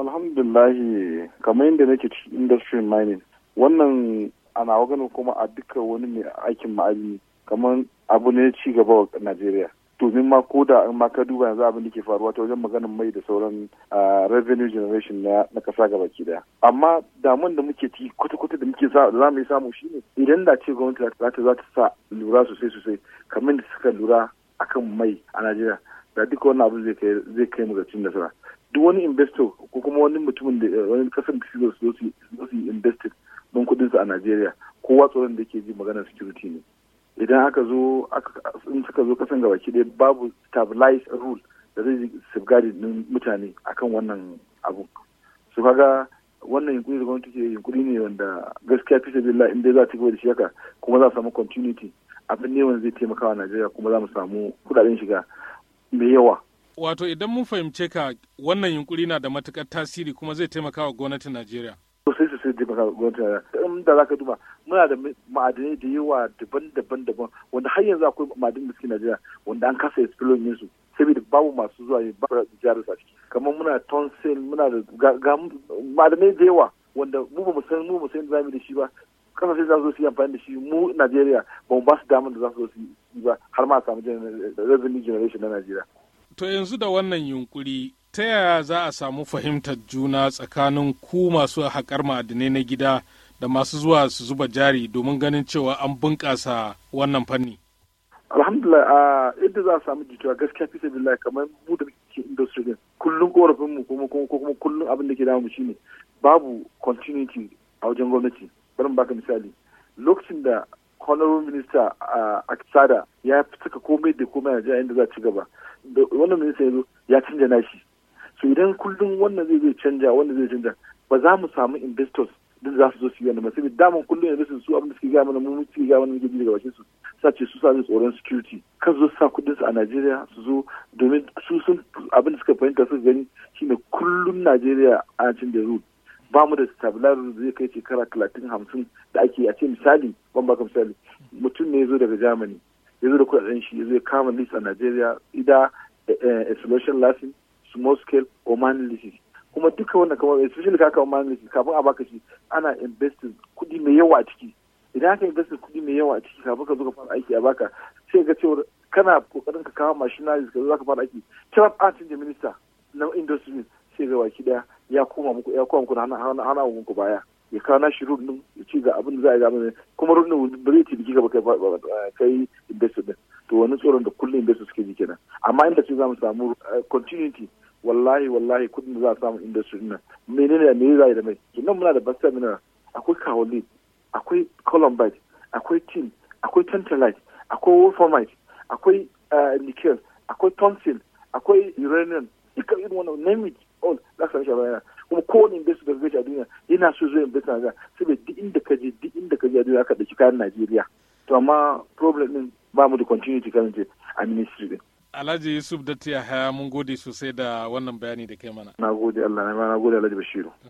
alhamdulillahi kamar yadda nake cikin industry mining wannan ana wagana kuma a duka wani mai aikin ma'ali kamar abu ne ci gaba wa najeriya domin ma ko da in ma ka duba yanzu abin da ke faruwa ta wajen maganin mai da sauran revenue generation na na kasa gaba ki daya amma damun da muke ci kwata-kwata da muke za mu yi samu shine idan da ce gwamnati za ta za sa lura sosai sosai kamar da suka lura akan mai a najeriya da duka wani abu zai kai mu ga cin nasara duk wani investor ko kuma wani mutumin da eh, wani kasar da su zo su don kudin su a Najeriya kowa tsoron da yake ji magana security ne idan aka zo in suka zo kasan gabaki dai babu stabilized rule da zai safeguard din mutane akan wannan abu su kaga wannan yunkuri da gwamnati ke yunkuri ne wanda gaskiya fi sabila in dai za ta gaba da shi haka kuma za a samu continuity abin ne wanda zai taimaka wa Najeriya kuma za mu samu kudaden shiga mai yawa. Wato idan mun fahimce ka wannan yunkuri na da matukar tasiri kuma zai taimaka wa gwamnatin Najeriya. Sosai sosai taimaka wa gwamnatin Najeriya. In da zaka duba muna da ma'adanai da yawa daban-daban daban wanda har yanzu akwai ma'adanai da suke Najeriya wanda an kasa yin su Saboda babu masu zuwa ne babu jarin a ciki. Kamar muna tonsil muna da ma'adanai da yawa wanda mu ba mu san mu mu san da zamu da shi ba kasashe za su yi amfani da shi mu Najeriya ba mu ba su damar da za su yi ba har ma samu revenue generation na Najeriya. To yanzu da wannan yunkuri ta yaya za a samu fahimtar juna tsakanin ku masu haƙar ma'adinai na gida da masu zuwa su zuba jari domin ganin cewa an bunƙasa wannan fanni? Alhamdulillah a yadda za a samu jituwa gaskiya fi sabi kamar mu da ke industry din kullum korafin mu kuma kuma kullum abin da ke damu ne babu continuity a wajen gwamnati barin baka misali lokacin da honorable minister a sada ya saka komai da komai a inda za ci gaba wannan minista ya zo ya canja nashi so idan kullum wannan zai zai canja wannan zai canja ba za mu samu investors din za su zo su yi wannan masu daman kullum investors su abin da suke gaya mana mu suke gaya mana muke daga bakin su sa ce su sa tsoron security kan zo sa kudin su a Najeriya su zo domin su sun abin da suka fahimta suka gani shine kullum Najeriya a cin da ba mu da stabilizer zai kai shekara talatin hamsin da ake a ce misali ban baka misali mutum ne ya zo daga germany ya zo da kudaden shi ya zo ya kama list a nigeria ida isolation lasin small scale oman leases kuma duka wannan kamar especially ka kama oman leases kafin a baka shi ana investing kudi mai yawa a ciki idan aka investin kudi mai yawa a ciki kafin ka zo ka fara aiki a baka sai ga cewar kana kokarin ka kawo machineries ka zo ka fara aiki trump an canza minista na industry ce ga baki daya ya koma muku ya koma muku na hana muku baya ya kawo shi rudin ya ci ga abin da za a gama kuma rudin ba zai tiliki gaba kai investor din to wani tsoron da kullum investor suke ji kenan amma inda sai za mu samu eh, continuity wallahi wallahi kudin da za a samu industry din nan menene da menene za a yi da mai nan muna da basta mineral akwai kaolin akwai columbite akwai tin akwai tantalite akwai wolframite akwai eh, nickel akwai thompson akwai uranium duka irin wannan name own oh, za ka shi bayana kuma kowane investor da gaji a duniya yana so zo investor na saboda duk inda ka je duk inda ka je a duniya ka ɗauki kayan Najeriya to amma problem din ba mu da continuity currently a ministry din Alhaji Yusuf Dattiya Haya mun gode sosai da wannan bayani da kai mana. Na gode Allah, na gode Alhaji Bashiru.